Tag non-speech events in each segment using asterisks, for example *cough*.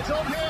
It's on here.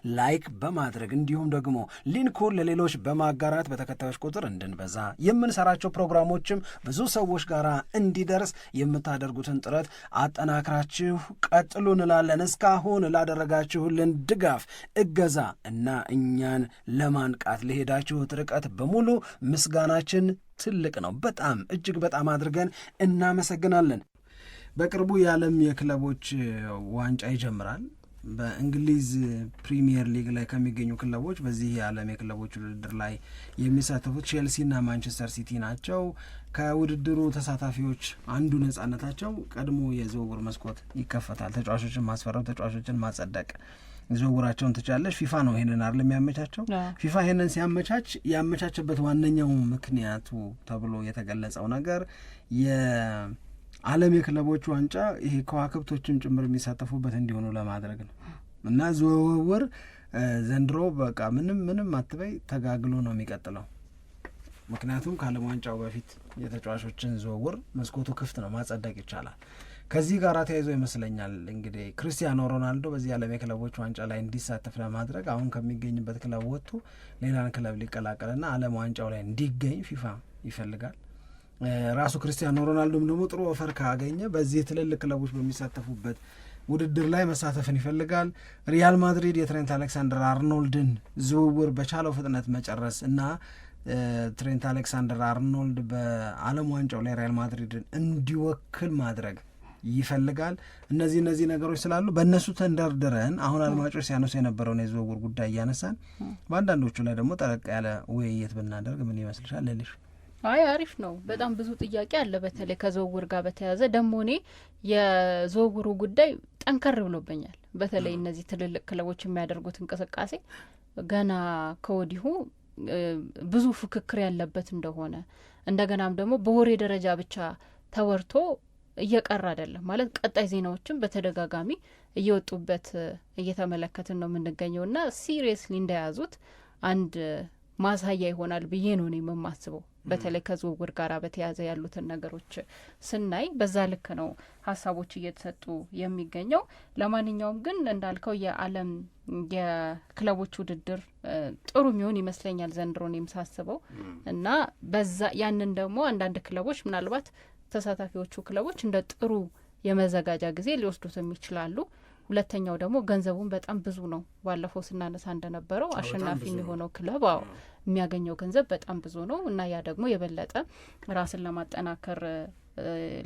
ላይክ በማድረግ እንዲሁም ደግሞ ሊንኩን ለሌሎች በማጋራት በተከታዮች ቁጥር እንድንበዛ የምንሰራቸው ፕሮግራሞችም ብዙ ሰዎች ጋር እንዲደርስ የምታደርጉትን ጥረት አጠናክራችሁ ቀጥሉ እንላለን። እስካሁን ላደረጋችሁልን ድጋፍ፣ እገዛ እና እኛን ለማንቃት ለሄዳችሁት ርቀት በሙሉ ምስጋናችን ትልቅ ነው። በጣም እጅግ በጣም አድርገን እናመሰግናለን። በቅርቡ የዓለም የክለቦች ዋንጫ ይጀምራል። በእንግሊዝ ፕሪሚየር ሊግ ላይ ከሚገኙ ክለቦች በዚህ የዓለም የክለቦች ውድድር ላይ የሚሳተፉት ቼልሲና ማንቸስተር ሲቲ ናቸው። ከውድድሩ ተሳታፊዎች አንዱ ነጻነታቸው ቀድሞ የዝውውር መስኮት ይከፈታል። ተጫዋቾችን ማስፈረም፣ ተጫዋቾችን ማጸደቅ ዝውውራቸውን ትችላለች። ፊፋ ነው ይሄንን አይደል የሚያመቻቸው። ፊፋ ይሄንን ሲያመቻች ያመቻችበት ዋነኛው ምክንያቱ ተብሎ የተገለጸው ነገር ዓለም የክለቦች ዋንጫ ይሄ ከዋክብቶችም ጭምር የሚሳተፉበት እንዲሆኑ ለማድረግ ነው እና ዝውውር ዘንድሮ በቃ ምንም ምንም አትበይ ተጋግሎ ነው የሚቀጥለው። ምክንያቱም ከዓለም ዋንጫው በፊት የተጫዋቾችን ዝውውር መስኮቱ ክፍት ነው፣ ማጸደቅ ይቻላል። ከዚህ ጋር ተያይዞ ይመስለኛል እንግዲህ ክርስቲያኖ ሮናልዶ በዚህ ዓለም የክለቦች ዋንጫ ላይ እንዲሳተፍ ለማድረግ አሁን ከሚገኝበት ክለብ ወጥቶ ሌላን ክለብ ሊቀላቀልና ዓለም ዋንጫው ላይ እንዲገኝ ፊፋ ይፈልጋል። ራሱ ክርስቲያኖ ሮናልዶም ደግሞ ጥሩ ኦፈር ካገኘ በዚህ ትልልቅ ክለቦች በሚሳተፉበት ውድድር ላይ መሳተፍን ይፈልጋል። ሪያል ማድሪድ የትሬንት አሌክሳንደር አርኖልድን ዝውውር በቻለው ፍጥነት መጨረስ እና ትሬንት አሌክሳንደር አርኖልድ በዓለም ዋንጫው ላይ ሪያል ማድሪድን እንዲወክል ማድረግ ይፈልጋል። እነዚህ እነዚህ ነገሮች ስላሉ በእነሱ ተንደርድረን አሁን አድማጮች ሲያነሱ የነበረውን የዝውውር ጉዳይ እያነሳን በአንዳንዶቹ ላይ ደግሞ ጠለቅ ያለ ውይይት ብናደርግ ምን ይመስልሻል ልልሽ አይ አሪፍ ነው። በጣም ብዙ ጥያቄ አለ፣ በተለይ ከዝውውር ጋር በተያያዘ ደግሞ እኔ የዝውውሩ ጉዳይ ጠንከር ብሎብኛል። በተለይ እነዚህ ትልልቅ ክለቦች የሚያደርጉት እንቅስቃሴ ገና ከወዲሁ ብዙ ፍክክር ያለበት እንደሆነ እንደገናም ደግሞ በወሬ ደረጃ ብቻ ተወርቶ እየቀረ አይደለም ማለት ቀጣይ ዜናዎችም በተደጋጋሚ እየወጡበት እየተመለከትን ነው የምንገኘው እና ሲሪየስሊ እንደያዙት አንድ ማሳያ ይሆናል ብዬ ነው እኔ በተለይ ከዝውውር ጋር በተያያዘ ያሉትን ነገሮች ስናይ በዛ ልክ ነው ሀሳቦች እየተሰጡ የሚገኘው። ለማንኛውም ግን እንዳልከው የዓለም የክለቦች ውድድር ጥሩ የሚሆን ይመስለኛል ዘንድሮ እኔም እና በዛ ያንን ደግሞ አንዳንድ ክለቦች ምናልባት ተሳታፊዎቹ ክለቦች እንደ ጥሩ የመዘጋጃ ጊዜ ሊወስዱትም ይችላሉ። ሁለተኛው ደግሞ ገንዘቡን በጣም ብዙ ነው። ባለፈው ስናነሳ እንደነበረው አሸናፊ የሚሆነው ክለብ አዎ የሚያገኘው ገንዘብ በጣም ብዙ ነው እና ያ ደግሞ የበለጠ ራስን ለማጠናከር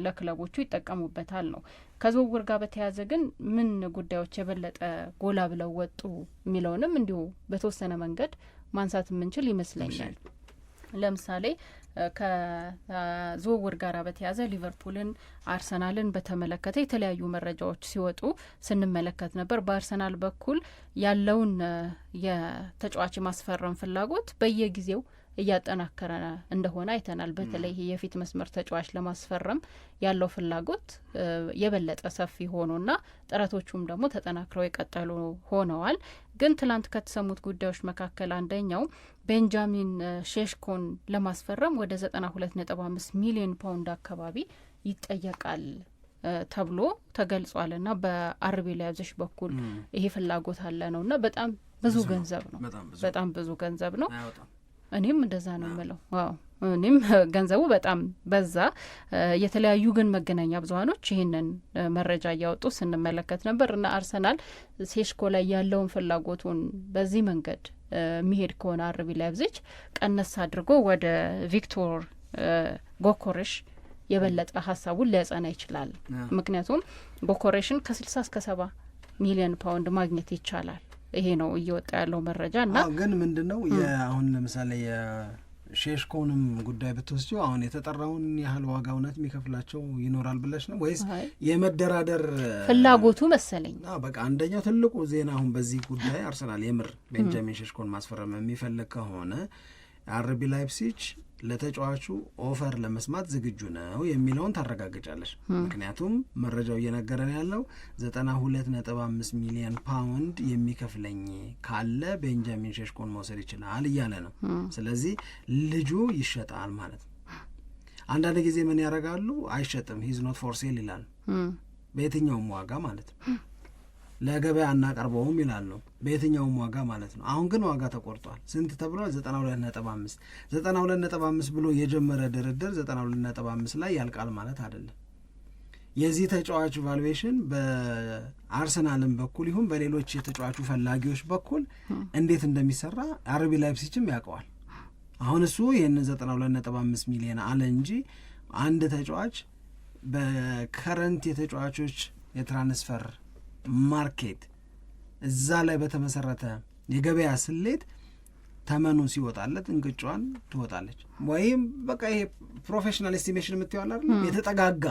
ለክለቦቹ ይጠቀሙበታል ነው። ከዝውውር ጋር በተያያዘ ግን ምን ጉዳዮች የበለጠ ጎላ ብለው ወጡ የሚለውንም እንዲሁ በተወሰነ መንገድ ማንሳት የምንችል ይመስለኛል። ለምሳሌ ከዝውውር ጋር በተያያዘ ሊቨርፑልን፣ አርሰናልን በተመለከተ የተለያዩ መረጃዎች ሲወጡ ስንመለከት ነበር። በአርሰናል በኩል ያለውን የተጫዋች ማስፈረም ፍላጎት በየጊዜው እያጠናከረ እንደሆነ አይተናል። በተለይ የፊት መስመር ተጫዋች ለማስፈረም ያለው ፍላጎት የበለጠ ሰፊ ሆኖና ጥረቶቹም ደግሞ ተጠናክረው የቀጠሉ ሆነዋል። ግን ትላንት ከተሰሙት ጉዳዮች መካከል አንደኛው ቤንጃሚን ሼሽኮን ለማስፈረም ወደ ዘጠና ሁለት ነጥብ አምስት ሚሊዮን ፓውንድ አካባቢ ይጠየቃል ተብሎ ተገልጿል ና በአርቢ ላይፕዚግ በኩል ይሄ ፍላጎት አለ ነው እና በጣም ብዙ ገንዘብ ነው። በጣም ብዙ ገንዘብ ነው። እኔም እንደዛ ነው የምለው። እኔም *laughs* ገንዘቡ በጣም በዛ። የተለያዩ ግን መገናኛ ብዙሀኖች ይህንን መረጃ እያወጡ ስንመለከት ነበር እና አርሰናል ሴሽኮ ላይ ያለውን ፍላጎቱን በዚህ መንገድ የሚሄድ ከሆነ አርቢ ላይብዚች ቀነስ አድርጎ ወደ ቪክቶር ጎኮሬሽ የበለጠ ሀሳቡን ሊያጸና ይችላል። ምክንያቱም ጎኮሬሽን ከስልሳ እስከ ሰባ ሚሊዮን ፓውንድ ማግኘት ይቻላል። ይሄ ነው እየወጣ ያለው መረጃ እና ግን ምንድን ነው አሁን ለምሳሌ ሼሽኮንም ጉዳይ ብትወስጂው አሁን የተጠራውን ያህል ዋጋ እውነት የሚከፍላቸው ይኖራል ብለሽ ነው ወይስ የመደራደር ፍላጎቱ መሰለኝ? በቃ አንደኛው ትልቁ ዜና አሁን በዚህ ጉዳይ አርሰናል የምር ቤንጃሚን ሼሽኮን ማስፈረም የሚፈልግ ከሆነ አርቢ ላይፕሲች ለተጫዋቹ ኦፈር ለመስማት ዝግጁ ነው የሚለውን ታረጋግጫለች። ምክንያቱም መረጃው እየነገረን ያለው ዘጠና ሁለት ነጥብ አምስት ሚሊዮን ፓውንድ የሚከፍለኝ ካለ ቤንጃሚን ሸሽኮን መውሰድ ይችላል እያለ ነው። ስለዚህ ልጁ ይሸጣል ማለት ነው። አንዳንድ ጊዜ ምን ያደርጋሉ? አይሸጥም ሂዝ ኖት ፎር ሴል ይላል፣ በየትኛውም ዋጋ ማለት ነው። ለገበያ አናቀርበውም ይላሉ። በየትኛውም ዋጋ ማለት ነው። አሁን ግን ዋጋ ተቆርጧል። ስንት ተብሏል? ዘጠና ሁለት ነጥብ አምስት ዘጠና ሁለት ነጥብ አምስት ብሎ የጀመረ ድርድር ዘጠና ሁለት ነጥብ አምስት ላይ ያልቃል ማለት አይደለም። የዚህ ተጫዋች ቫሉዌሽን በአርሰናልም በኩል ይሁን በሌሎች የተጫዋቹ ፈላጊዎች በኩል እንዴት እንደሚሰራ አርቢ ላይፕሲችም ያውቀዋል። አሁን እሱ ይህንን ዘጠና ሁለት ነጥብ አምስት ሚሊዮን አለ እንጂ አንድ ተጫዋች በከረንት የተጫዋቾች የትራንስፈር ማርኬት እዛ ላይ በተመሰረተ የገበያ ስሌት ተመኑ ሲወጣለት እንቅጯን ትወጣለች። ወይም በቃ ይሄ ፕሮፌሽናል ኤስቲሜሽን አይደል? የተጠጋጋ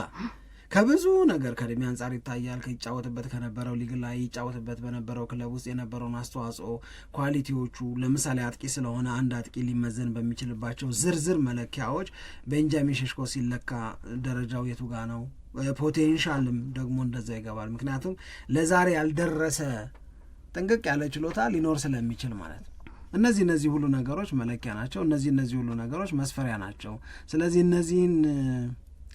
ከብዙ ነገር ከእድሜ አንጻር ይታያል። ከይጫወትበት ከነበረው ሊግ ላይ ይጫወትበት በነበረው ክለብ ውስጥ የነበረውን አስተዋጽኦ፣ ኳሊቲዎቹ ለምሳሌ አጥቂ ስለሆነ አንድ አጥቂ ሊመዘን በሚችልባቸው ዝርዝር መለኪያዎች ቤንጃሚን ሸሽኮ ሲለካ ደረጃው የቱ ጋ ነው? ፖቴንሻልም ደግሞ እንደዛ ይገባል። ምክንያቱም ለዛሬ ያልደረሰ ጥንቅቅ ያለ ችሎታ ሊኖር ስለሚችል ማለት ነው። እነዚህ እነዚህ ሁሉ ነገሮች መለኪያ ናቸው። እነዚህ እነዚህ ሁሉ ነገሮች መስፈሪያ ናቸው። ስለዚህ እነዚህን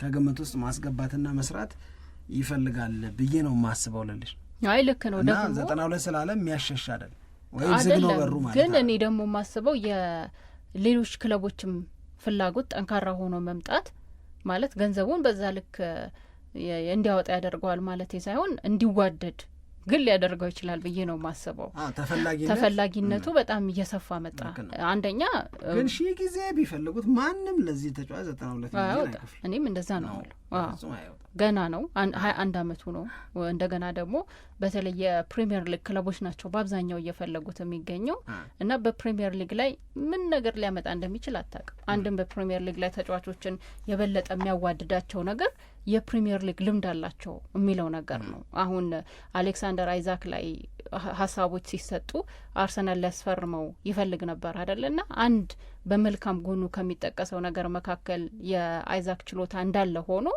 ከግምት ውስጥ ማስገባትና መስራት ይፈልጋል ብዬ ነው የማስበው። ልልሽ አይ ልክ ነው እና ዘጠና ሁለት ስላለ የሚያሸሽ አይደል ወይም ዝግ ነው በሩ ማለት ግን እኔ ደግሞ የማስበው የሌሎች ክለቦችም ፍላጎት ጠንካራ ሆኖ መምጣት ማለት ገንዘቡን በዛ ልክ እንዲያወጣ ያደርገዋል ማለት ሳይሆን እንዲዋደድ ግን ሊያደርገው ይችላል ብዬ ነው የማስበው። ተፈላጊነቱ በጣም እየሰፋ መጣ። አንደኛ ግን ሺህ ጊዜ ቢፈልጉት ማንም ለዚህ ተጫዋች ዘጠና ሁለት አያወጣም። እኔም እንደዛ ነው አሉ። ገና ነው፣ ሀያ አንድ አመቱ ነው። እንደገና ደግሞ በተለይ የፕሪሚየር ሊግ ክለቦች ናቸው በአብዛኛው እየፈለጉት የሚገኘው እና በፕሪሚየር ሊግ ላይ ምን ነገር ሊያመጣ እንደሚችል አታውቅም። አንድም በፕሪሚየር ሊግ ላይ ተጫዋቾችን የበለጠ የሚያዋድዳቸው ነገር የፕሪሚየር ሊግ ልምድ አላቸው የሚለው ነገር ነው። አሁን አሌክሳንደር አይዛክ ላይ ሀሳቦች ሲሰጡ አርሰናል ሊያስፈርመው ይፈልግ ነበር አደለ እና አንድ በመልካም ጎኑ ከሚጠቀሰው ነገር መካከል የአይዛክ ችሎታ እንዳለ ሆኖ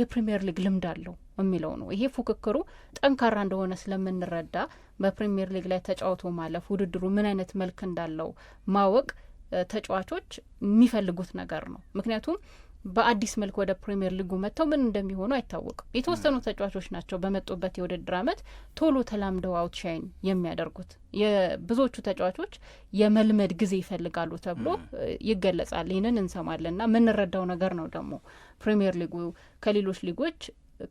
የፕሪሚየር ሊግ ልምድ አለው የሚለው ነው። ይሄ ፉክክሩ ጠንካራ እንደሆነ ስለምንረዳ በፕሪሚየር ሊግ ላይ ተጫውቶ ማለፍ ውድድሩ ምን አይነት መልክ እንዳለው ማወቅ ተጫዋቾች የሚፈልጉት ነገር ነው ምክንያቱም በአዲስ መልክ ወደ ፕሪምየር ሊጉ መጥተው ምን እንደሚሆኑ አይታወቅም። የተወሰኑ ተጫዋቾች ናቸው በመጡበት የውድድር አመት ቶሎ ተላምደው አውትሻይን የሚያደርጉት። የብዙዎቹ ተጫዋቾች የመልመድ ጊዜ ይፈልጋሉ ተብሎ ይገለጻል። ይህንን እንሰማለን ና የምንረዳው ነገር ነው። ደግሞ ፕሪምየር ሊጉ ከሌሎች ሊጎች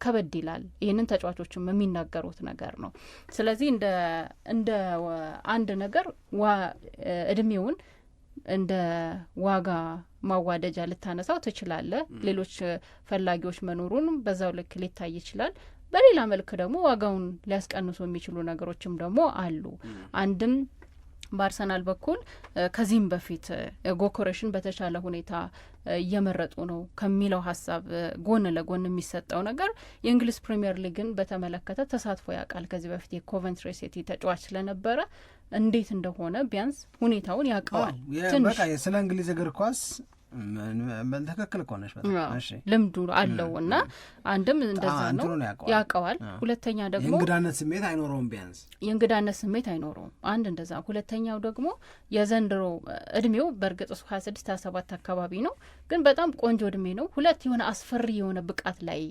ከበድ ይላል። ይህንን ተጫዋቾችም የሚናገሩት ነገር ነው። ስለዚህ እንደ አንድ ነገር እድሜውን እንደ ዋጋ ማዋደጃ ልታነሳው ትችላለህ። ሌሎች ፈላጊዎች መኖሩን በዛው ልክ ሊታይ ይችላል። በሌላ መልክ ደግሞ ዋጋውን ሊያስቀንሱ የሚችሉ ነገሮችም ደግሞ አሉ። አንድም በአርሰናል በኩል ከዚህም በፊት ጎኮሬሽን በተሻለ ሁኔታ እየመረጡ ነው ከሚለው ሀሳብ ጎን ለጎን የሚሰጠው ነገር የእንግሊዝ ፕሪምየር ሊግን በተመለከተ ተሳትፎ ያውቃል። ከዚህ በፊት የኮቨንትሪ ሲቲ ተጫዋች ስለነበረ እንዴት እንደሆነ ቢያንስ ሁኔታውን ያውቀዋል። በቃ ስለ እንግሊዝ እግር ኳስ ትክክል እኮ ልምዱ አለው እና አንድም እንደዛ ነው ያውቀዋል። ሁለተኛ ደግሞ የእንግዳነት ስሜት አይኖረውም፣ ቢያንስ የእንግዳነት ስሜት አይኖረውም። አንድ እንደዛ። ሁለተኛው ደግሞ የዘንድሮ እድሜው በእርግጥ እሱ ሀያ ስድስት ሀያ ሰባት አካባቢ ነው፣ ግን በጣም ቆንጆ እድሜ ነው። ሁለት የሆነ አስፈሪ የሆነ ብቃት ላይ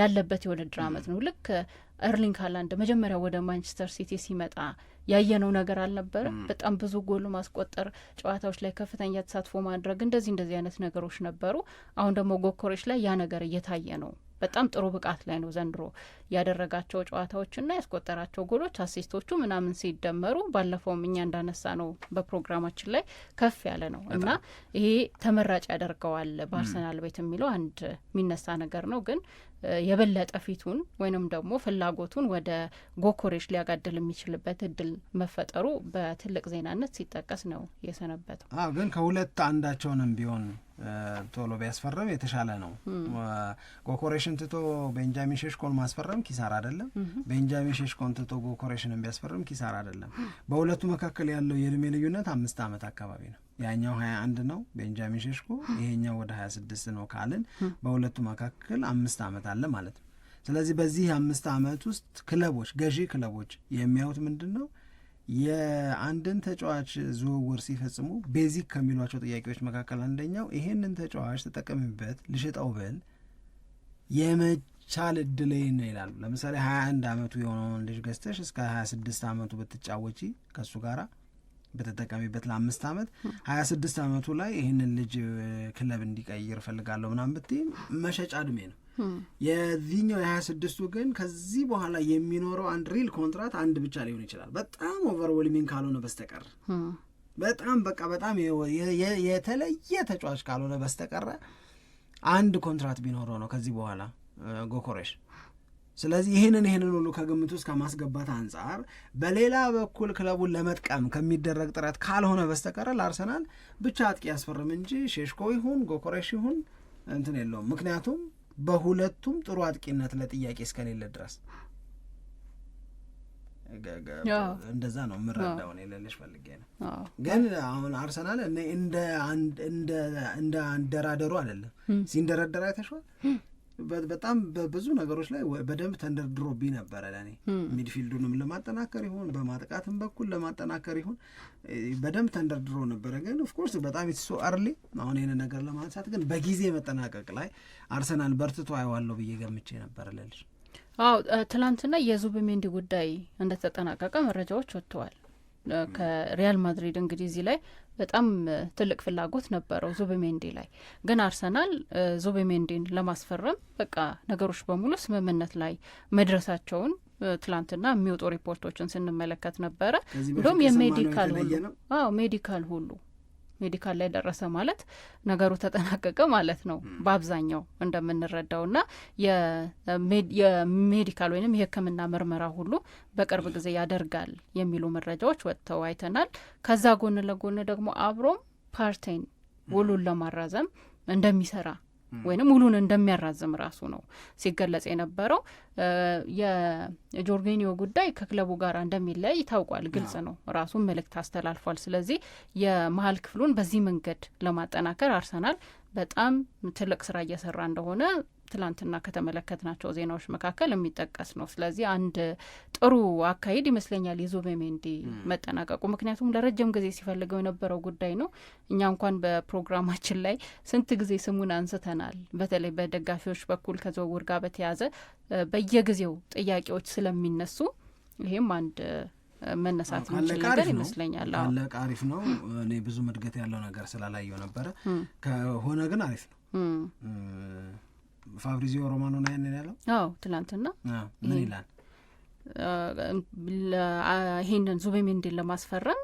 ያለበት የውድድር አመት ነው። ልክ ኤርሊንግ ሃላንድ መጀመሪያ ወደ ማንቸስተር ሲቲ ሲመጣ ያየነው ነገር አልነበረ። በጣም ብዙ ጎል ማስቆጠር፣ ጨዋታዎች ላይ ከፍተኛ ተሳትፎ ማድረግ፣ እንደዚህ እንደዚህ አይነት ነገሮች ነበሩ። አሁን ደግሞ ጎኮሬሽ ላይ ያ ነገር እየታየ ነው በጣም ጥሩ ብቃት ላይ ነው ዘንድሮ ያደረጋቸው ጨዋታዎችና ያስቆጠራቸው ጎሎች፣ አሲስቶቹ ምናምን ሲደመሩ ባለፈውም እኛ እንዳነሳ ነው በፕሮግራማችን ላይ ከፍ ያለ ነው እና ይሄ ተመራጭ ያደርገዋል በአርሰናል ቤት የሚለው አንድ የሚነሳ ነገር ነው። ግን የበለጠ ፊቱን ወይንም ደግሞ ፍላጎቱን ወደ ጎኮሬሽ ሊያጋድል የሚችልበት እድል መፈጠሩ በትልቅ ዜናነት ሲጠቀስ ነው የሰነበተው። ግን ከሁለት አንዳቸውንም ቢሆን ቶሎ ቢያስፈርም የተሻለ ነው። ጎኮሬሽን ትቶ ቤንጃሚን ሸሽኮን ማስፈረም ኪሳራ አይደለም። ቤንጃሚን ሸሽኮን ትቶ ጎኮሬሽንን ቢያስፈርም ኪሳራ አይደለም። በሁለቱ መካከል ያለው የእድሜ ልዩነት አምስት ዓመት አካባቢ ነው። ያኛው ሀያ አንድ ነው ቤንጃሚን ሸሽኮ ይሄኛው ወደ ሀያ ስድስት ነው ካልን በሁለቱ መካከል አምስት ዓመት አለ ማለት ነው። ስለዚህ በዚህ አምስት ዓመት ውስጥ ክለቦች ገዢ ክለቦች የሚያዩት ምንድን ነው? የአንድን ተጫዋች ዝውውር ሲፈጽሙ ቤዚክ ከሚሏቸው ጥያቄዎች መካከል አንደኛው ይሄንን ተጫዋች ተጠቀሚበት ልሽጠው ብል የመቻል እድለኝ ነው ይላሉ። ለምሳሌ 21 ዓመቱ የሆነውን ልጅ ገዝተሽ እስከ 26 ዓመቱ ብትጫወቺ ከእሱ ጋራ በተጠቀሚበት ለአምስት ዓመት ሀያ ስድስት ዓመቱ ላይ ይህንን ልጅ ክለብ እንዲቀይር እፈልጋለሁ ምናምን ብትይ መሸጫ እድሜ ነው። የዚህኛው የሀያ ስድስቱ ግን ከዚህ በኋላ የሚኖረው አንድ ሪል ኮንትራት አንድ ብቻ ሊሆን ይችላል፣ በጣም ኦቨርዌልሚንግ ካልሆነ በስተቀር በጣም በቃ በጣም የተለየ ተጫዋች ካልሆነ በስተቀረ አንድ ኮንትራት ቢኖረው ነው ከዚህ በኋላ ጎኮሬሽ ስለዚህ ይህንን ይህንን ሁሉ ከግምት ውስጥ ከማስገባት አንጻር በሌላ በኩል ክለቡን ለመጥቀም ከሚደረግ ጥረት ካልሆነ በስተቀረ ለአርሰናል ብቻ አጥቂ ያስፈርም እንጂ ሼሽኮ ይሁን ጎኮሬሽ ይሁን እንትን የለውም። ምክንያቱም በሁለቱም ጥሩ አጥቂነት ለጥያቄ እስከሌለ ድረስ እንደዛ ነው የምረዳው። እኔ ልልሽ ፈልጌ ነው። ግን አሁን አርሰናል እንደ አንደራደሩ አይደለም ሲንደረደር አይተሽዋል። በጣም በብዙ ነገሮች ላይ በደንብ ተንደርድሮብኝ ነበረ። ለእኔ ሚድፊልዱንም ለማጠናከር ይሁን በማጥቃትም በኩል ለማጠናከር ይሁን በደንብ ተንደርድሮ ነበረ። ግን ኦፍኮርስ በጣም የተሶ አርሊ አሁን ይህን ነገር ለማንሳት ግን በጊዜ መጠናቀቅ ላይ አርሰናል በርትቶ አይዋለሁ ብዬ ገምቼ ነበር ልልሽ። አዎ ትናንትና የዙቢሜንዲ ጉዳይ እንደተጠናቀቀ መረጃዎች ወጥተዋል ከሪያል ማድሪድ እንግዲህ እዚህ ላይ በጣም ትልቅ ፍላጎት ነበረው ዙቢሜንዲ ላይ ግን አርሰናል ዙቢሜንዲን ለማስፈረም በቃ ነገሮች በሙሉ ስምምነት ላይ መድረሳቸውን ትላንትና የሚወጡ ሪፖርቶችን ስንመለከት ነበረ። እንዲሁም የሜዲካል ሁሉ አዎ ሜዲካል ሁሉ ሜዲካል ላይ ደረሰ ማለት ነገሩ ተጠናቀቀ ማለት ነው። በአብዛኛው እንደምንረዳው ና የሜዲካል ወይም የሕክምና ምርመራ ሁሉ በቅርብ ጊዜ ያደርጋል የሚሉ መረጃዎች ወጥተው አይተናል። ከዛ ጎን ለጎን ደግሞ አብሮም ፓርቴን ውሉን ለማራዘም እንደሚሰራ ወይም ሙሉን እንደሚያራዝም ራሱ ነው ሲገለጽ የነበረው። የጆርጊኒዮ ጉዳይ ከክለቡ ጋር እንደሚለያይ ታውቋል። ግልጽ ነው፣ ራሱን መልእክት አስተላልፏል። ስለዚህ የመሀል ክፍሉን በዚህ መንገድ ለማጠናከር አርሰናል በጣም ትልቅ ስራ እየሰራ እንደሆነ ትላንትና ከተመለከትናቸው ዜናዎች መካከል የሚጠቀስ ነው። ስለዚህ አንድ ጥሩ አካሄድ ይመስለኛል የዙቤሜንዲ መጠናቀቁ፣ ምክንያቱም ለረጅም ጊዜ ሲፈልገው የነበረው ጉዳይ ነው። እኛ እንኳን በፕሮግራማችን ላይ ስንት ጊዜ ስሙን አንስተናል። በተለይ በደጋፊዎች በኩል ከዝውውር ጋር በተያያዘ በየጊዜው ጥያቄዎች ስለሚነሱ ይህም አንድ መነሳት የሚችል ነገር ይመስለኛል። አለቅ አሪፍ ነው። እኔ ብዙም እድገት ያለው ነገር ስላላየው ነበረ። ከሆነ ግን አሪፍ ነው። ፋብሪዚዮ ሮማኖ ነው ያንን ያለው። አዎ ትናንትና ምን ይላል? ይሄንን ዙቤሜንዲን ለማስፈረም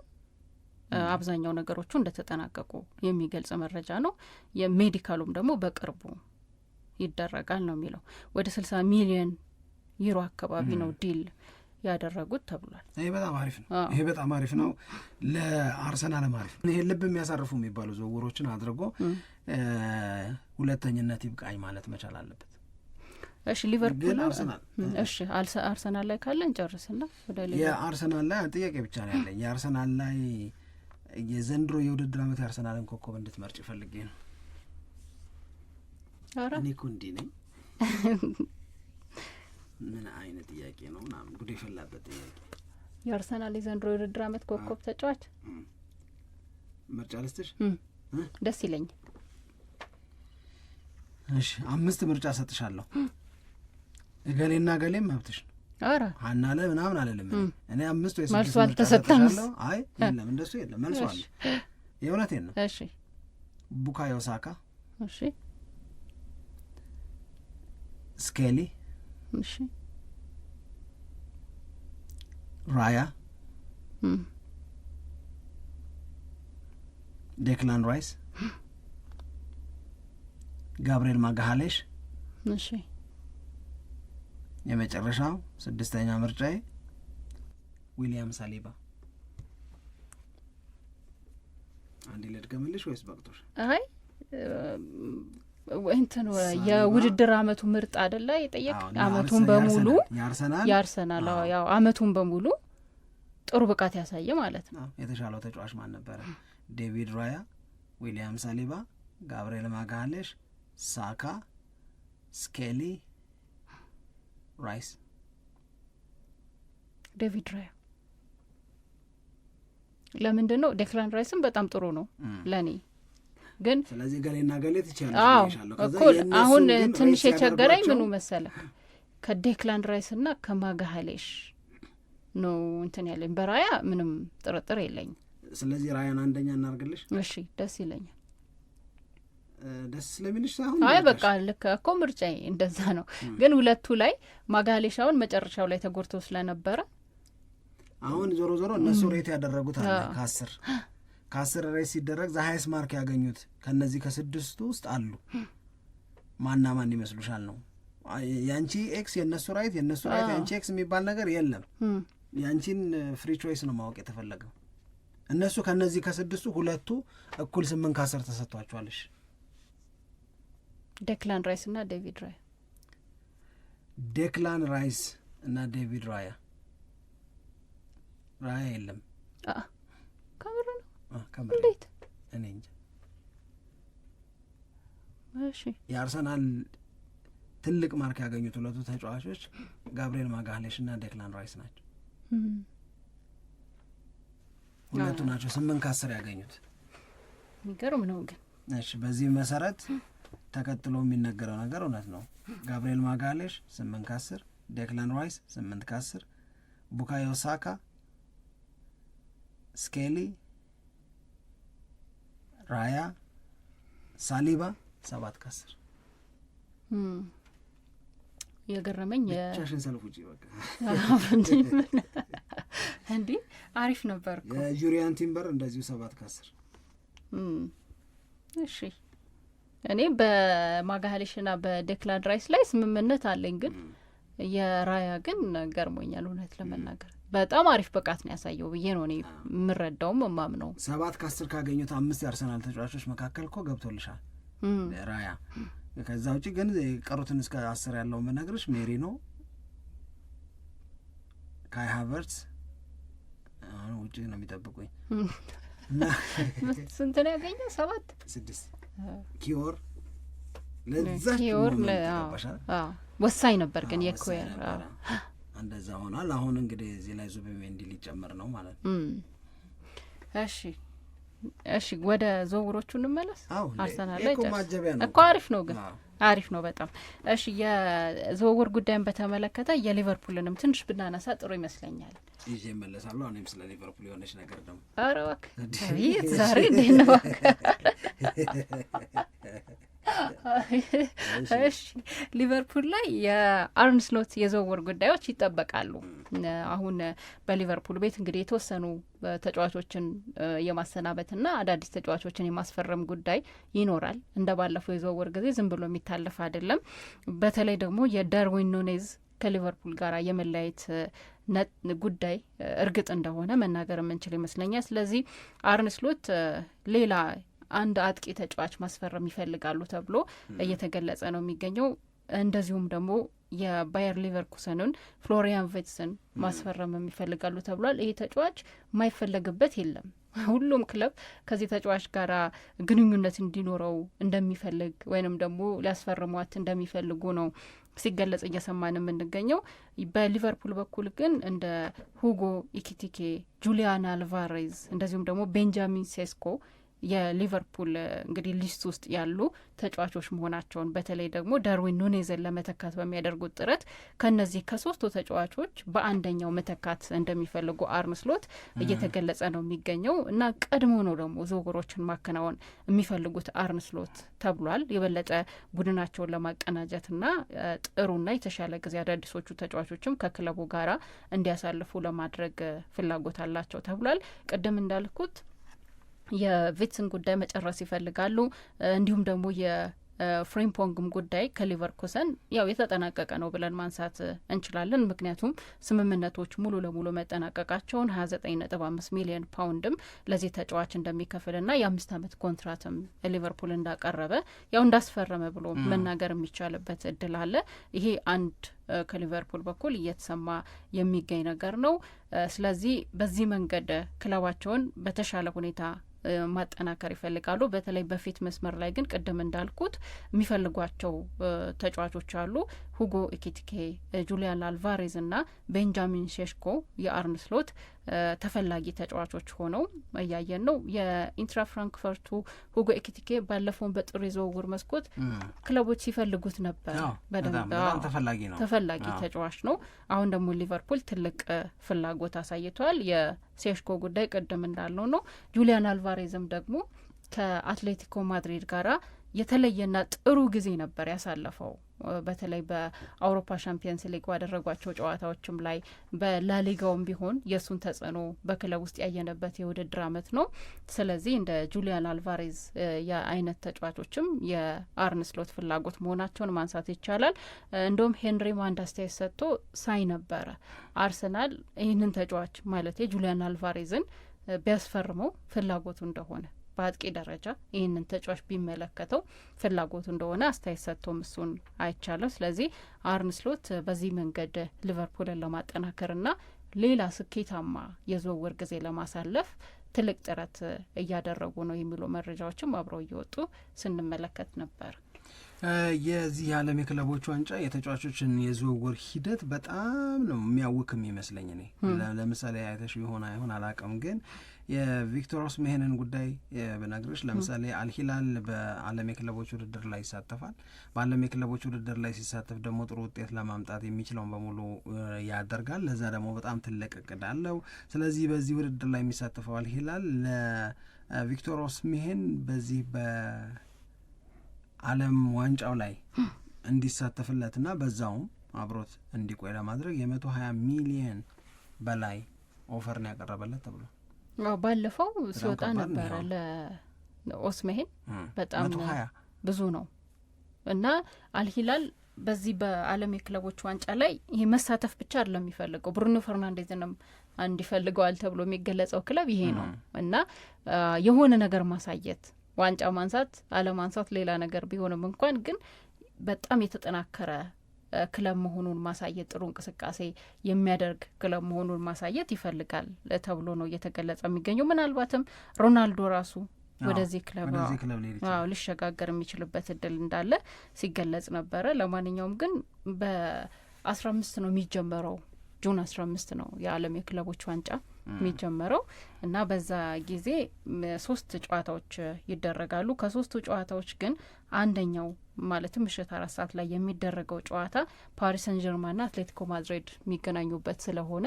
አብዛኛው ነገሮቹ እንደተጠናቀቁ የሚገልጽ መረጃ ነው። የሜዲካሉም ደግሞ በቅርቡ ይደረጋል ነው የሚለው። ወደ ስልሳ ሚሊዮን ዩሮ አካባቢ ነው ዲል ያደረጉት ተብሏል። ይሄ በጣም አሪፍ ነው። ይሄ በጣም አሪፍ ነው፣ ለአርሰናልም አሪፍ ነው። ይሄ ልብ የሚያሳርፉ የሚባሉ ዝውውሮችን አድርጎ ሁለተኝነት ይብቃኝ ማለት መቻል አለበት። እሺ ሊቨርፑል፣ እሺ አርሰናል ላይ ካለን ጨርስና ወደ የአርሰናል ላይ ጥያቄ ብቻ ነው ያለኝ። የአርሰናል ላይ የዘንድሮ የውድድር አመት የአርሰናልን ኮከብ እንድትመርጭ ይፈልጌ ነው። እኔ እኮ እንዲህ ነኝ። *laughs* ምን አይነት ጥያቄ ነው? ምናምን ጉድ የፈላበት ጥያቄ። የአርሰናል የዘንድሮ የውድድር አመት ኮከብ ተጫዋች ምርጫ ልስትሽ ደስ ይለኝ። እሺ አምስት ምርጫ ሰጥሻለሁ። እገሌና እገሌም መብትሽ ነው። ሀና ለ ምናምን አለልም እኔ አምስት ወይ መልሱ አልተሰጠም። አይ የለም እንደሱ የለም መልሱ አለ። የእውነቴን ነው። እሺ ቡካዮ ሳካ፣ እሺ ስኬሊ ራያ ዴክላን ራይስ ጋብርኤል ማጋሃሌሽ እሺ የመጨረሻው ስድስተኛ ምርጫዬ ዊሊያም ሳሊባ አንዴ ልድገምልሽ ወይስ በቅቶሽ አይ እንትን የውድድር አመቱ ምርጥ አደላ የጠየቅ አመቱን በሙሉ ያርሰናል ያው አመቱን በሙሉ ጥሩ ብቃት ያሳየ ማለት ነው። የተሻለው ተጫዋች ማን ነበረ? ዴቪድ ራያ፣ ዊሊያም ሳሊባ፣ ጋብርኤል ማጋሌሽ፣ ሳካ፣ ስኬሊ፣ ራይስ። ዴቪድ ራያ ለምንድን ነው? ዴክላን ራይስም በጣም ጥሩ ነው ለእኔ ግን ስለዚህ ገሌና ገሌ እኩል አሁን ትንሽ የቸገረኝ ምኑ መሰለ ከዴክላንድ ራይስ ና ከማጋሃሌሽ ነው እንትን ያለኝ በራያ ምንም ጥርጥር የለኝም። ስለዚህ ራያን አንደኛ እናርግልሽ። እሺ ደስ ይለኛል። ደስ ስለሚልሽ አይ በቃ ልክ እኮ ምርጫ እንደዛ ነው። ግን ሁለቱ ላይ ማጋሌሽ አሁን መጨረሻው ላይ ተጎድቶ ስለነበረ አሁን ዞሮ ዞሮ እነሱ ሬት ያደረጉት አለ ከአስር ከአስር ሬስ ሲደረግ ዘሀይስ ማርክ ያገኙት ከነዚህ ከስድስቱ ውስጥ አሉ። ማና ማን ይመስሉሻል ነው? የአንቺ ኤክስ የእነሱ ራይት፣ የእነሱ ራይት የአንቺ ኤክስ የሚባል ነገር የለም። የአንቺን ፍሪ ቾይስ ነው ማወቅ የተፈለገው። እነሱ ከነዚህ ከስድስቱ ሁለቱ እኩል ስምንት ከአስር ተሰጥቷቸዋለሽ። ዴክላን ራይስ እና ዴቪድ ራያ። ዴክላን ራይስ እና ዴቪድ ራያ ራያ የለም እንዴት እኔ እንጃ። እሺ የአርሰናል ትልቅ ማርክ ያገኙት ሁለቱ ተጫዋቾች ጋብሪኤል ማጋሌሽ እና ዴክላን ራይስ ናቸው። ሁለቱ ናቸው ስምንት ከአስር ያገኙት የሚገርም ነው ግን። እሺ በዚህ መሰረት ተከትሎ የሚነገረው ነገር እውነት ነው። ጋብሪኤል ማጋሌሽ ስምንት ከአስር፣ ዴክላን ራይስ ስምንት ከአስር፣ ቡካዮ ሳካ፣ ስኬሊ ራያ ሳሊባ ሰባት ከአስር የገረመኝ ብቻሽን ሰልፍ ውጪ በቃ *laughs* አሪፍ ነበር። የዩሪያን ቲምበር እንደዚሁ ሰባት ከአስር እሺ። እኔ በማጋሀሌሽና በዴክላን ራይስ ላይ ስምምነት አለኝ፣ ግን የራያ ግን ገርሞኛል እውነት ለመናገር በጣም አሪፍ ብቃት ነው ያሳየው ብዬ ነው እኔ የምረዳውም እማም ነው። ሰባት ከአስር ካገኙት አምስት የአርሰናል ተጫዋቾች መካከል እኮ ገብቶልሻል ራያ። ከዛ ውጭ ግን የቀሩትን እስከ አስር ያለው የምነግርሽ ሜሪኖ፣ ካይ ሃቨርትስ ውጭ ነው የሚጠብቁኝ። *laughs* ስንት ነው ያገኘ? ሰባት ስድስት ኪዮር ለዛ ወሳኝ ነበር ግን የኮር እንደዛ ሆኗል። አሁን እንግዲህ እዚህ ላይ ዙቢሜንዲ ሊጨምር ነው ማለት ነው። እሺ እሺ፣ ወደ ዝውውሮቹ እንመለስ። አርሰናል ላይ እኮ አሪፍ ነው ግን አሪፍ ነው በጣም እሺ። የዝውውር ጉዳይን በተመለከተ የሊቨርፑልንም ትንሽ ብናነሳ ጥሩ ይመስለኛል። ይዤ እመለሳለሁ። እኔም ስለ ሊቨርፑል የሆነች ነገር ደግሞ ኧረ እባክህ ዛሬ እንዴት ነው *laughs* ሊቨርፑል ላይ የአርን ስሎት የዝውውር ጉዳዮች ይጠበቃሉ። አሁን በሊቨርፑል ቤት እንግዲህ የተወሰኑ ተጫዋቾችን የማሰናበትና አዳዲስ ተጫዋቾችን የማስፈረም ጉዳይ ይኖራል። እንደ ባለፈው የዝውውር ጊዜ ዝም ብሎ የሚታለፍ አይደለም። በተለይ ደግሞ የዳርዊን ኑኔዝ ከሊቨርፑል ጋር የመለያየት ጉዳይ እርግጥ እንደሆነ መናገር የምንችል ይመስለኛል። ስለዚህ አርን ስሎት ሌላ አንድ አጥቂ ተጫዋች ማስፈረም ይፈልጋሉ ተብሎ እየተገለጸ ነው የሚገኘው። እንደዚሁም ደግሞ የባየር ሊቨርኩሰንን ፍሎሪያን ቬትስን ማስፈረም ይፈልጋሉ ተብሏል። ይህ ተጫዋች የማይፈለግበት የለም። ሁሉም ክለብ ከዚህ ተጫዋች ጋር ግንኙነት እንዲኖረው እንደሚፈልግ ወይንም ደግሞ ሊያስፈርሟት እንደሚፈልጉ ነው ሲገለጽ እየሰማን የምንገኘው። በሊቨርፑል በኩል ግን እንደ ሁጎ ኢኪቲኬ፣ ጁሊያን አልቫሬዝ እንደዚሁም ደግሞ ቤንጃሚን ሴስኮ የሊቨርፑል እንግዲህ ሊስት ውስጥ ያሉ ተጫዋቾች መሆናቸውን በተለይ ደግሞ ዳርዊን ኑኔዝን ለመተካት በሚያደርጉት ጥረት ከነዚህ ከሶስቱ ተጫዋቾች በአንደኛው መተካት እንደሚፈልጉ አርምስሎት እየተገለጸ ነው የሚገኘው እና ቀድሞ ነው ደግሞ ዝውውሮችን ማከናወን የሚፈልጉት አርምስሎት ተብሏል። የበለጠ ቡድናቸውን ለማቀናጀትና ጥሩና የተሻለ ጊዜ አዳዲሶቹ ተጫዋቾችም ከክለቡ ጋራ እንዲያሳልፉ ለማድረግ ፍላጎት አላቸው ተብሏል። ቅድም እንዳልኩት የቪትስን ጉዳይ መጨረስ ይፈልጋሉ። እንዲሁም ደግሞ የፍሬምፖንግም ጉዳይ ከሊቨርኩሰን ያው የተጠናቀቀ ነው ብለን ማንሳት እንችላለን። ምክንያቱም ስምምነቶች ሙሉ ለሙሉ መጠናቀቃቸውን ሀያ ዘጠኝ ነጥብ አምስት ሚሊዮን ፓውንድም ለዚህ ተጫዋች ና የአምስት አመት ኮንትራትም ሊቨርፑል እንዳቀረበ ያው እንዳስፈረመ ብሎ መናገር የሚቻልበት እድል አለ። ይሄ አንድ ከሊቨርፑል በኩል እየተሰማ የሚገኝ ነገር ነው። ስለዚህ በዚህ መንገድ ክለባቸውን በተሻለ ሁኔታ ማጠናከር ይፈልጋሉ። በተለይ በፊት መስመር ላይ ግን ቅድም እንዳልኩት የሚፈልጓቸው ተጫዋቾች አሉ። ሁጎ ኢኪቲኬ፣ ጁሊያን አልቫሬዝ እና ቤንጃሚን ሼሽኮ የአርነ ስሎት ተፈላጊ ተጫዋቾች ሆነው እያየን ነው። የኢንትራ ፍራንክፈርቱ ሁጎ ኢኪቲኬ ባለፈውን በጥር የዝውውር መስኮት ክለቦች ሲፈልጉት ነበር። በደንብ ተፈላጊ ተጫዋች ነው። አሁን ደግሞ ሊቨርፑል ትልቅ ፍላጎት አሳይተዋል። የሴሽኮ ጉዳይ ቅድም እንዳለው ነው። ጁሊያን አልቫሬዝም ደግሞ ከአትሌቲኮ ማድሪድ ጋራ የተለየና ጥሩ ጊዜ ነበር ያሳለፈው። በተለይ በአውሮፓ ሻምፒየንስ ሊግ ባደረጓቸው ጨዋታዎችም ላይ በላሊጋውም ቢሆን የእሱን ተጽዕኖ በክለብ ውስጥ ያየነበት የውድድር አመት ነው። ስለዚህ እንደ ጁሊያን አልቫሬዝ የአይነት ተጫዋቾችም የአርነ ስሎት ፍላጎት መሆናቸውን ማንሳት ይቻላል። እንደውም ሄንሪ ማንድ አስተያየት ሰጥቶ ሳይ ነበረ አርሰናል ይህንን ተጫዋች ማለት ጁሊያን አልቫሬዝን ቢያስፈርመው ፍላጎቱ እንደሆነ በአጥቂ ደረጃ ይህንን ተጫዋች ቢመለከተው ፍላጎቱ እንደሆነ አስተያየት ሰጥቶ ምሱን አይቻለሁ። ስለዚህ አርነ ስሎት በዚህ መንገድ ሊቨርፑልን ለማጠናከርና ሌላ ስኬታማ የዝውውር ጊዜ ለማሳለፍ ትልቅ ጥረት እያደረጉ ነው የሚሉ መረጃዎችም አብረው እየወጡ ስንመለከት ነበር። የዚህ የዓለም የክለቦች ዋንጫ የተጫዋቾችን የዝውውር ሂደት በጣም ነው የሚያውክ የሚመስለኝ። እኔ ለምሳሌ አይተሽ ይሆን አይሆን አላውቅም፣ ግን የቪክቶር ኦስሜሄንን ጉዳይ ብነግርሽ ለምሳሌ አልሂላል በዓለም የክለቦች ውድድር ላይ ይሳተፋል። በዓለም የክለቦች ውድድር ላይ ሲሳተፍ ደግሞ ጥሩ ውጤት ለማምጣት የሚችለውን በሙሉ ያደርጋል። ለዛ ደግሞ በጣም ትልቅ እቅድ አለው። ስለዚህ በዚህ ውድድር ላይ የሚሳተፈው አልሂላል ለቪክቶር ኦስሜሄን በዚህ በ ዓለም ዋንጫው ላይ እንዲሳተፍለትና በዛውም አብሮት እንዲቆይ ለማድረግ የመቶ ሀያ ሚሊየን በላይ ኦፈርን ያቀረበለት ተብሎ ባለፈው ሲወጣ ነበረ ለኦስሜሄን በጣም ብዙ ነው እና አልሂላል በዚህ በዓለም የክለቦች ዋንጫ ላይ ይሄ መሳተፍ ብቻ አይደለም የሚፈልገው ብሩኖ ፈርናንዴዝንም እንዲፈልገዋል ተብሎ የሚገለጸው ክለብ ይሄ ነው እና የሆነ ነገር ማሳየት ዋንጫ ማንሳት አለማንሳት ሌላ ነገር ቢሆንም እንኳን ግን በጣም የተጠናከረ ክለብ መሆኑን ማሳየት ጥሩ እንቅስቃሴ የሚያደርግ ክለብ መሆኑን ማሳየት ይፈልጋል ተብሎ ነው እየተገለጸ የሚገኘው። ምናልባትም ሮናልዶ ራሱ ወደዚህ ክለብ ሊሸጋገር የሚችልበት እድል እንዳለ ሲገለጽ ነበረ። ለማንኛውም ግን በአስራ አምስት ነው የሚጀመረው ጁን አስራ አምስት ነው የዓለም የክለቦች ዋንጫ የሚጀመረው እና በዛ ጊዜ ሶስት ጨዋታዎች ይደረጋሉ። ከሶስቱ ጨዋታዎች ግን አንደኛው ማለትም ምሽት አራት ሰዓት ላይ የሚደረገው ጨዋታ ፓሪስ ሰን ጀርማንና አትሌቲኮ ማድሪድ የሚገናኙበት ስለሆነ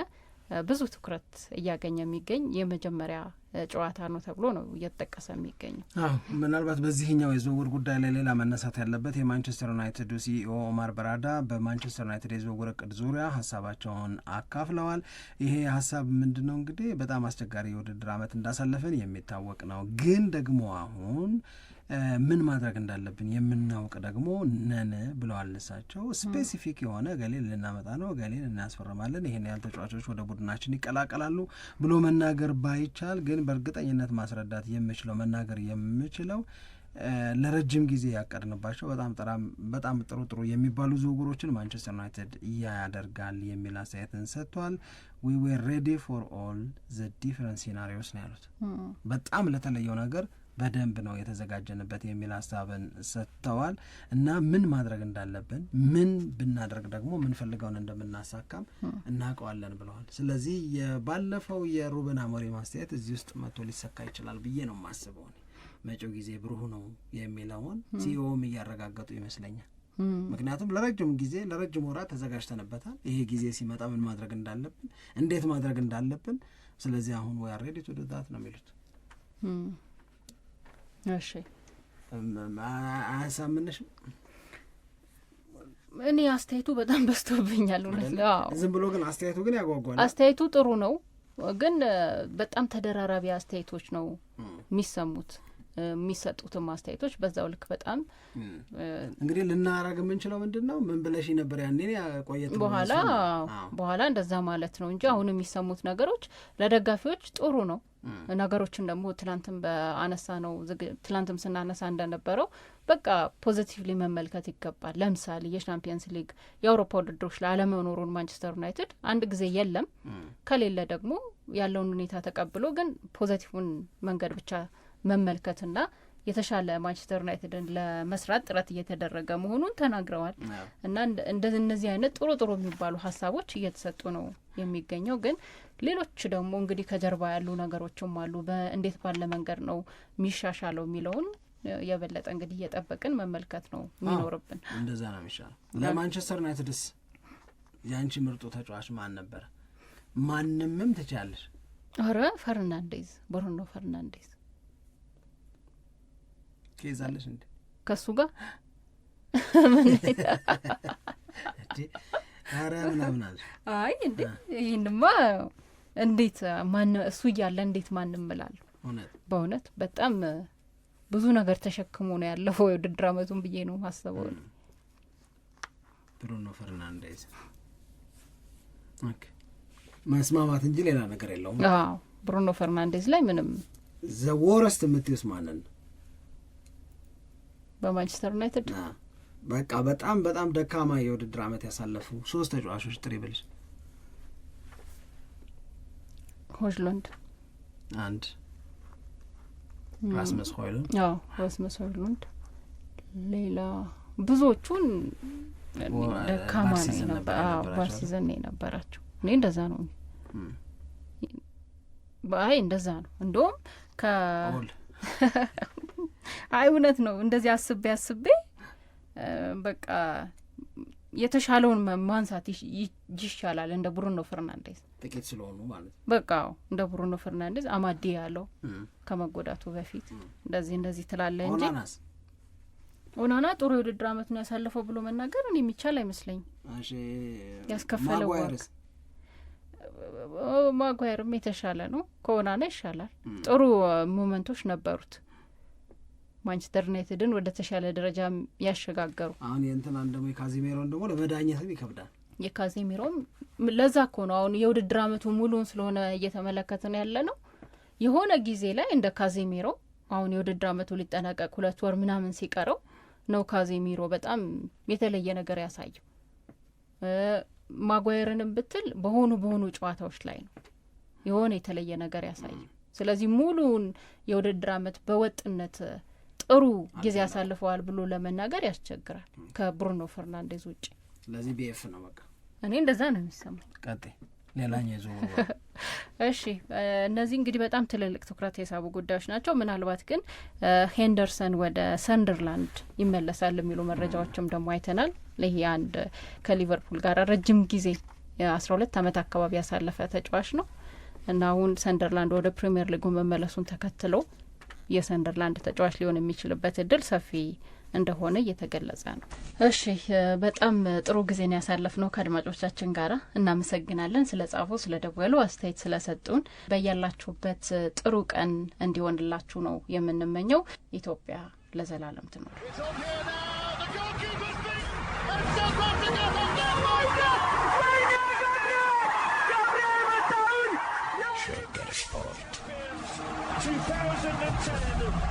ብዙ ትኩረት እያገኘ የሚገኝ የመጀመሪያ ጨዋታ ነው ተብሎ ነው እየተጠቀሰ የሚገኝ። አዎ ምናልባት በዚህኛው የዝውውር ጉዳይ ላይ ሌላ መነሳት ያለበት የማንቸስተር ዩናይትድ ሲኢኦ ኦማር በራዳ በማንቸስተር ዩናይትድ የዝውውር እቅድ ዙሪያ ሀሳባቸውን አካፍለዋል። ይሄ ሀሳብ ምንድን ነው እንግዲህ በጣም አስቸጋሪ የውድድር ዓመት እንዳሳለፍን የሚታወቅ ነው። ግን ደግሞ አሁን ምን ማድረግ እንዳለብን የምናውቅ ደግሞ ነን ብለዋል። እሳቸው ስፔሲፊክ የሆነ ገሌ ልናመጣ ነው፣ ገሌ እናስፈርማለን፣ ይህን ያህል ተጫዋቾች ወደ ቡድናችን ይቀላቀላሉ ብሎ መናገር ባይቻል ግን በእርግጠኝነት ማስረዳት የምችለው መናገር የምችለው ለረጅም ጊዜ ያቀድንባቸው በጣም ጥሩ ጥሩ የሚባሉ ዝውውሮችን ማንቸስተር ዩናይትድ ያደርጋል የሚል አስተያየትን ሰጥቷል። ዊ ዌር ሬዲ ፎር ኦል ዘ ዲፍረንት ሲናሪዮስ ነው ያሉት። በጣም ለተለየው ነገር በደንብ ነው የተዘጋጀንበት የሚል ሀሳብን ሰጥተዋል እና ምን ማድረግ እንዳለብን ምን ብናደርግ ደግሞ ምንፈልገውን እንደምናሳካም እናውቀዋለን ብለዋል። ስለዚህ ባለፈው የሩበን አሞሪ ማስተያየት እዚህ ውስጥ መቶ ሊሰካ ይችላል ብዬ ነው የማስበው። መጪው ጊዜ ብሩህ ነው የሚለውን ሲኦም እያረጋገጡ ይመስለኛል። ምክንያቱም ለረጅም ጊዜ ለረጅም ወራት ተዘጋጅተንበታል። ይሄ ጊዜ ሲመጣ ምን ማድረግ እንዳለብን እንዴት ማድረግ እንዳለብን ስለዚህ አሁን ወያሬድ ቱ ዱ ነው የሚሉት እሺ እኔ አስተያየቱ በጣም *laughs* በዝቶብኛል እውነት ዝም ብሎ ግን አስተያየቱ ግን ያጓጓል። አስተያየቱ ጥሩ ነው፣ ግን በጣም ተደራራቢ አስተያየቶች ነው የሚሰሙት የሚሰጡትም አስተያየቶች በዛው ልክ በጣም እንግዲህ ልናረግ የምንችለው ምንድን ነው? ምን ብለሽ ነበር ያኔ ቆየት በኋላ በኋላ እንደዛ ማለት ነው እንጂ አሁን የሚሰሙት ነገሮች ለደጋፊዎች ጥሩ ነው ነገሮችን ደግሞ ትላንትም በአነሳ ነው ትላንትም ስናነሳ እንደነበረው በቃ ፖዚቲቭሊ መመልከት ይገባል። ለምሳሌ የሻምፒየንስ ሊግ የአውሮፓ ውድድሮች ላይ አለመኖሩን ማንቸስተር ዩናይትድ አንድ ጊዜ የለም ከሌለ ደግሞ ያለውን ሁኔታ ተቀብሎ ግን ፖዘቲቭን መንገድ ብቻ መመልከትና የተሻለ ማንቸስተር ዩናይትድን ለመስራት ጥረት እየተደረገ መሆኑን ተናግረዋል እና እነዚህ አይነት ጥሩ ጥሩ የሚባሉ ሀሳቦች እየተሰጡ ነው የሚገኘው ግን ሌሎች ደግሞ እንግዲህ ከጀርባ ያሉ ነገሮችም አሉ። በእንዴት ባለ መንገድ ነው የሚሻሻለው የሚለውን የበለጠ እንግዲህ እየጠበቅን መመልከት ነው የሚኖርብን። እንደዛ ነው የሚሻለው። ለማንቸስተር ዩናይትድስ የአንቺ ምርጡ ተጫዋች ማን ነበረ? ማንምም ትችላለሽ። ኧረ ፈርናንዴዝ፣ ብሩኖ ፈርናንዴዝ ከይዛለሽ እንዴ ከሱ ጋር *laughs* ኧረ ምናምን አለሽ? አይ እንዴ ይህንማ እንዴት ማን እሱ እያለ እንዴት ማን ምላል በእውነት በጣም ብዙ ነገር ተሸክሞ ነው ያለው የውድድር አመቱን ብዬ ነው ማስበው። ብሩኖ ፈርናንዴዝ መስማማት እንጂ ሌላ ነገር የለውም። ብሩኖ ፈርናንዴዝ ላይ ምንም ዘወረስት የምትዩስ ማንን በማንቸስተር ዩናይትድ በቃ በጣም በጣም ደካማ የውድድር አመት ያሳለፉ ሶስት ተጫዋቾች ጥሪ ብልሽ ሆጅሉንድ አንድ ራስመስ ሆይሉንድ አዎ ራስመስ ሆይሉንድ ሌላ ብዙዎቹን ደካማ ነው ባርሲዘን ነው የነበራቸው። እኔ እንደዛ ነው አይ እንደዛ ነው እንደውም ከ አይ እውነት ነው እንደዚህ አስቤ አስቤ በቃ የተሻለውን ማንሳት ይሻላል። እንደ ብሩኖ ፈርናንዴዝ ጥቂት ስለሆኑ ማለት ነው። በቃ እንደ ብሩኖ ፈርናንዴዝ አማዴ ያለው ከመጎዳቱ በፊት እንደዚህ እንደዚህ ትላለ እንጂ ኦናና ጥሩ የውድድር አመት ነው ያሳለፈው ብሎ መናገር እኔ የሚቻል አይመስለኝም። ያስከፈለው ማጓየርም የተሻለ ነው ከኦናና ይሻላል። ጥሩ ሞመንቶች ነበሩት። ማንቸስተር ዩናይትድን ወደ ተሻለ ደረጃ ያሸጋገሩ። አሁን የእንትናን ደግሞ የካዚሜሮን ደግሞ ለመዳኘትም ይከብዳል። የካዚሜሮም ለዛ እኮ ነው አሁን የውድድር አመቱ ሙሉን ስለሆነ እየተመለከትን ያለ ነው። የሆነ ጊዜ ላይ እንደ ካዚሜሮ አሁን የውድድር አመቱ ሊጠናቀቅ ሁለት ወር ምናምን ሲቀረው ነው ካዚሜሮ በጣም የተለየ ነገር ያሳየው። ማጓየርንም ብትል በሆኑ በሆኑ ጨዋታዎች ላይ ነው የሆነ የተለየ ነገር ያሳየው። ስለዚህ ሙሉውን የውድድር አመት በወጥነት ጥሩ ጊዜ አሳልፈዋል ብሎ ለመናገር ያስቸግራል ከብሩኖ ፈርናንዴዝ ውጭ። ስለዚህ ቢኤፍ ነው በቃ እኔ እንደዛ ነው የሚሰማኝ። ቀጤ ሌላኛው የዝውውር *laughs* እሺ፣ እነዚህ እንግዲህ በጣም ትልልቅ ትኩረት የሳቡ ጉዳዮች ናቸው። ምናልባት ግን ሄንደርሰን ወደ ሰንደርላንድ ይመለሳል የሚሉ መረጃዎችም ደግሞ አይተናል። ይህ አንድ ከሊቨርፑል ጋር ረጅም ጊዜ አስራ ሁለት አመት አካባቢ ያሳለፈ ተጫዋች ነው እና አሁን ሰንደርላንድ ወደ ፕሪምየር ሊጉ መመለሱን ተከትሎ የሰንደርላንድ ተጫዋች ሊሆን የሚችልበት እድል ሰፊ እንደሆነ እየተገለጸ ነው። እሺ፣ በጣም ጥሩ ጊዜን ያሳለፍ ነው ከአድማጮቻችን ጋራ እናመሰግናለን። ስለ ጻፉ፣ ስለ ደወሉ፣ አስተያየት ስለ ሰጡን በያላችሁበት ጥሩ ቀን እንዲሆንላችሁ ነው የምንመኘው። ኢትዮጵያ ለዘላለም ትኖር። Ten.